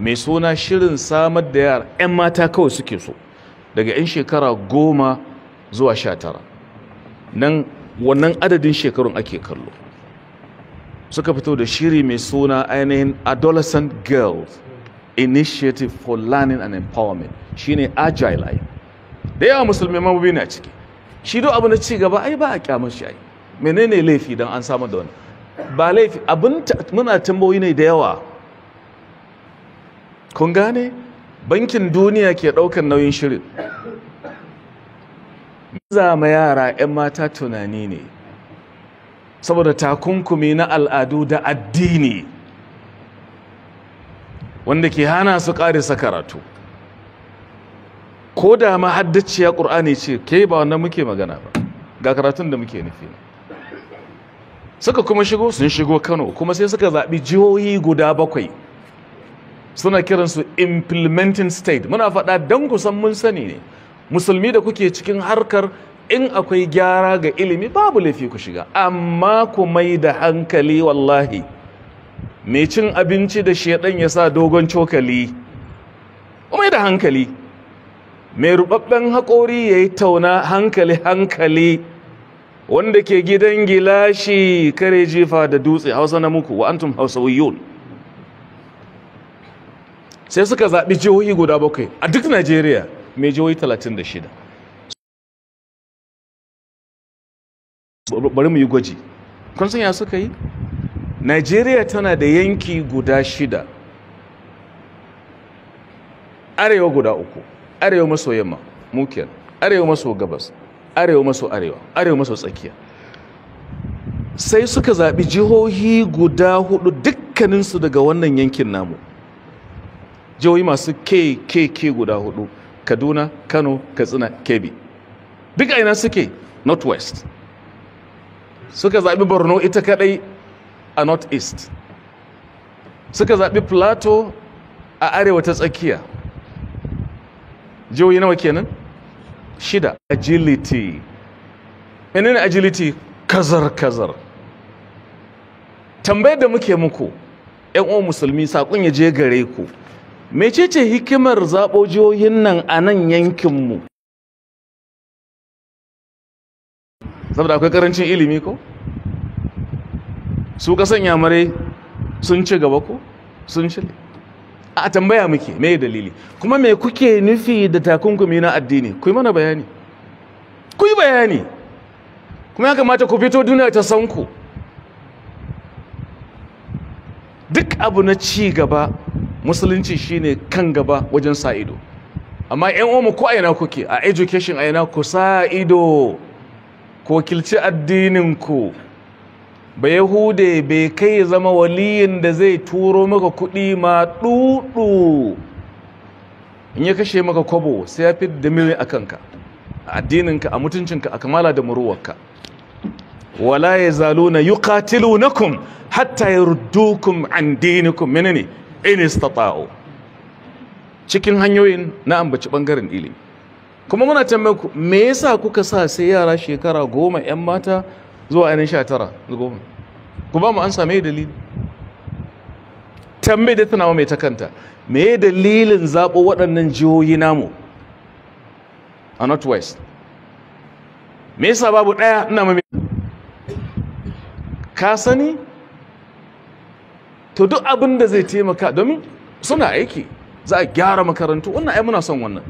mai suna shirin samar da yara 'yan mata kawai suke so daga 'yan shekara goma zuwa sha tara nan wannan adadin shekarun ake kallo suka fito da shiri mai suna ainihin adolescent girls initiative for learning and empowerment shine agile da yawa musulmi mamobi na ciki shi do abu na ci gaba ai ba a kyamar shi ai menene laifi don an samar da wani ba laifi abin muna tambayoyi ne da yawa kun gane bankin duniya ke ɗaukar nauyin shirin zama yara 'yan mata tunani ne saboda takunkumi na al'adu da addini wanda ke hana su karisa karatu ko da mahaddaciya ƙur'ani ce ke ba wannan muke magana ba ga karatun da muke nufi suka kuma shigo sun shigo kano kuma sai suka zaɓi jihohi guda bakwai suna kiransu implementing state muna faɗa don kusan mun sani ne musulmi da kuke cikin harkar in akwai gyara ga ilimi babu laifi ku shiga amma ku mai da hankali wallahi mai cin abinci da shaɗan ya sa dogon cokali ku mai da hankali mai rubabben haƙori ya yi tauna hankali hankali wanda ke gidan gilashi kare jifa da dutse hausa na muku wa antum wiyun sai suka zaɓi jihohi guda bakwai a duk najeriya mai jihohi talatin 36 bari mu yi gwaji kun san ya suka yi najeriya tana da yanki guda shida arewa guda uku arewa maso yamma mukiyar arewa maso gabas arewa maso arewa arewa maso tsakiya sai suka zaɓi jihohi guda hudu dukkaninsu daga wannan yankin namu jihohi masu kkk guda hudu kaduna kano katsina kebbi duk ina suke northwest suka zaɓi borno ita kaɗai a northeast suka zaɓi plateau a arewa ta tsakiya jihohi nawa kenan shida agility menene agility kazar-kazar tambayar da muke muku 'yan uwan musulmi saƙon ya je gare ku mecece hikimar zaɓo jihohin nan a nan yankinmu saboda akwai ƙarancin ilimi ko su kasan yamare sun ci gaba ko sun ci a tambaya muke me dalili kuma me kuke nufi da takunkumi na addini ku yi mana bayani ku yi bayani kuma ya kamata ku fito duniya ta sanku. duk abu na ci gaba musulunci shine kan gaba wajen sa amma yan uwa ko aina kuke a education aina ku sa ido kilci addinin ku ba bai kai zama waliyin da zai turo maka kuɗi ma ɗuɗu in ya kashe maka kwabo sai ya fi da mili a kanka a addininka a mutuncinka a kamala da muruwarka wala ya zalo na yi katilu na kun hatta ya kun an dinikum menene in istata'u cikin hanyoyin na ambaci bangaren ilimi kuma muna tambayar ku me yasa kuka sa sai yara shekara goma yan mata zuwa ainihin sha tara goma ku ba mu an same dalili tambayi da tunawa mai ta kanta me dalilin zaɓo waɗannan jihohi namu a northwest me yasa babu ɗaya ina mamaye ka sani to duk abin da zai taimaka domin suna aiki za a gyara makarantu wannan ai muna son wannan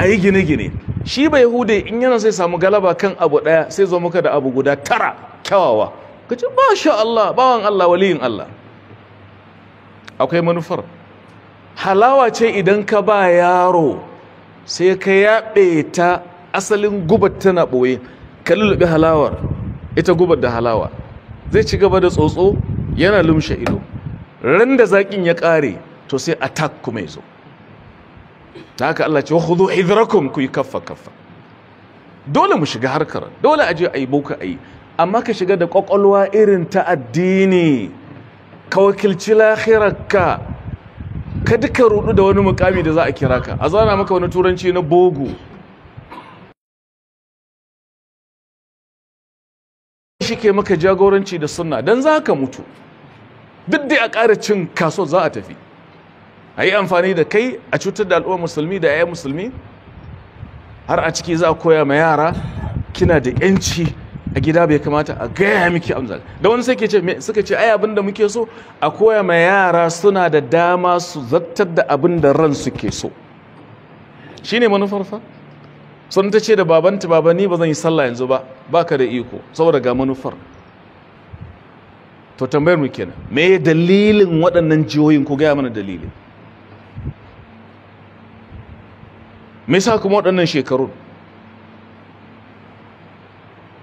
a yi gine-gine shi bai hude in yana sai samu galaba kan abu ɗaya sai zo muka da abu guda tara kyawawa ka ce ba sha Allah bawan Allah waliyin Allah akwai manufar halawa ce idan ka ba yaro sai ka yaɓe ta asalin gubar tana ɓoye ka lulluɓe halawar ita gubar da halawa zai ci gaba da tsotso yana lumshe ido ran da zakin ya kare to sai attack kuma yazo ta haka Allah ce khudhu hidrakum ku kaffa kaffa dole mu shiga harkar dole aje ayi boka ayi amma ka shiga da kwakwalwa irin ta addini ka wakilci lahirarka ka duka rudu da wani mukami da za a kira ka a zana maka wani turanci na Bogo. yake maka jagoranci da sunna dan za ka mutu duk dai a ƙara cin kaso za a tafi a yi amfani da kai a cutar da al'ummar musulmi da 'ya'yan musulmi har a ciki za a koya ma yara kina da 'yanci a gida bai kamata a gaya miki amzal da wani sai ce suka ce ai abin da muke so a koya ma yara suna da dama su zartar da abin da ran suke so shine manufar fa sun ta ce da babanta baba ni ba zan yi sallah yanzu ba baka da iko saboda ga manufar to tambayar mu kenan me dalilin waɗannan jihohin ko gaya mana dalilin me yasa kuma waɗannan shekarun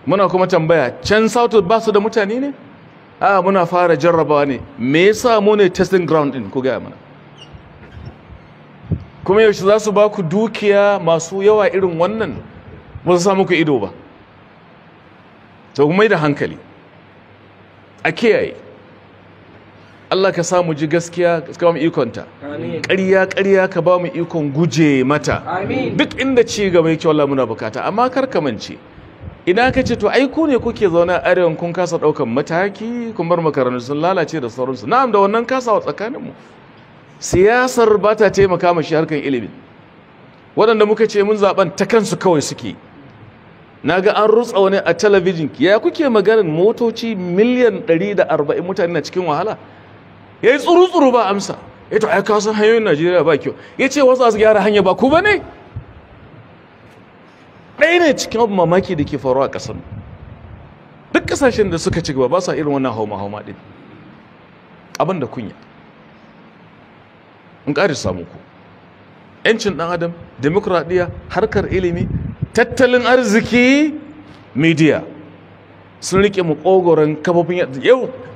muna kuma tambaya can sautu ba su da mutane ne a muna fara jarrabawa ne me yasa mu ne testing ground din ko gaya mana kuma yaushe za su ba ku dukiya masu yawa irin wannan ba su samu ku ido ba to kuma da hankali a kiyaye Allah ka samu ji gaskiya ka ba mu ikonta ƙarya ƙarya ka ba mu ikon guje mata duk inda ci gaba yake wallahi muna bukata amma kar ka mance ina ka ce to ai ku ne kuke zauna a arewa kun kasa ɗaukan mataki kun bar makarantu sun lalace da sauransu na'am da wannan kasawa tsakaninmu siyasar ba ta taimaka mashi harkar ilimin waɗanda muka ce mun zaɓen ta kansu kawai suke na ga an rutsa wani a talabijin ya kuke maganin motoci miliyan 140 mutane na cikin wahala ya yi tsuru-tsuru ba amsa ya to aika san hanyoyin najeriya ba kyau ya ce wasu su gyara hanya ba ku ba ne ɗaya ne cikin abu mamaki da ke faruwa a ƙasar duk ƙasashen da suka ci gaba ba sa irin wannan hauma-hauma ɗin abin da kunya in ƙarisa muku yancin ɗan adam demokradiyya harkar ilimi tattalin arziki media sun rike mu kogoron kafofin yau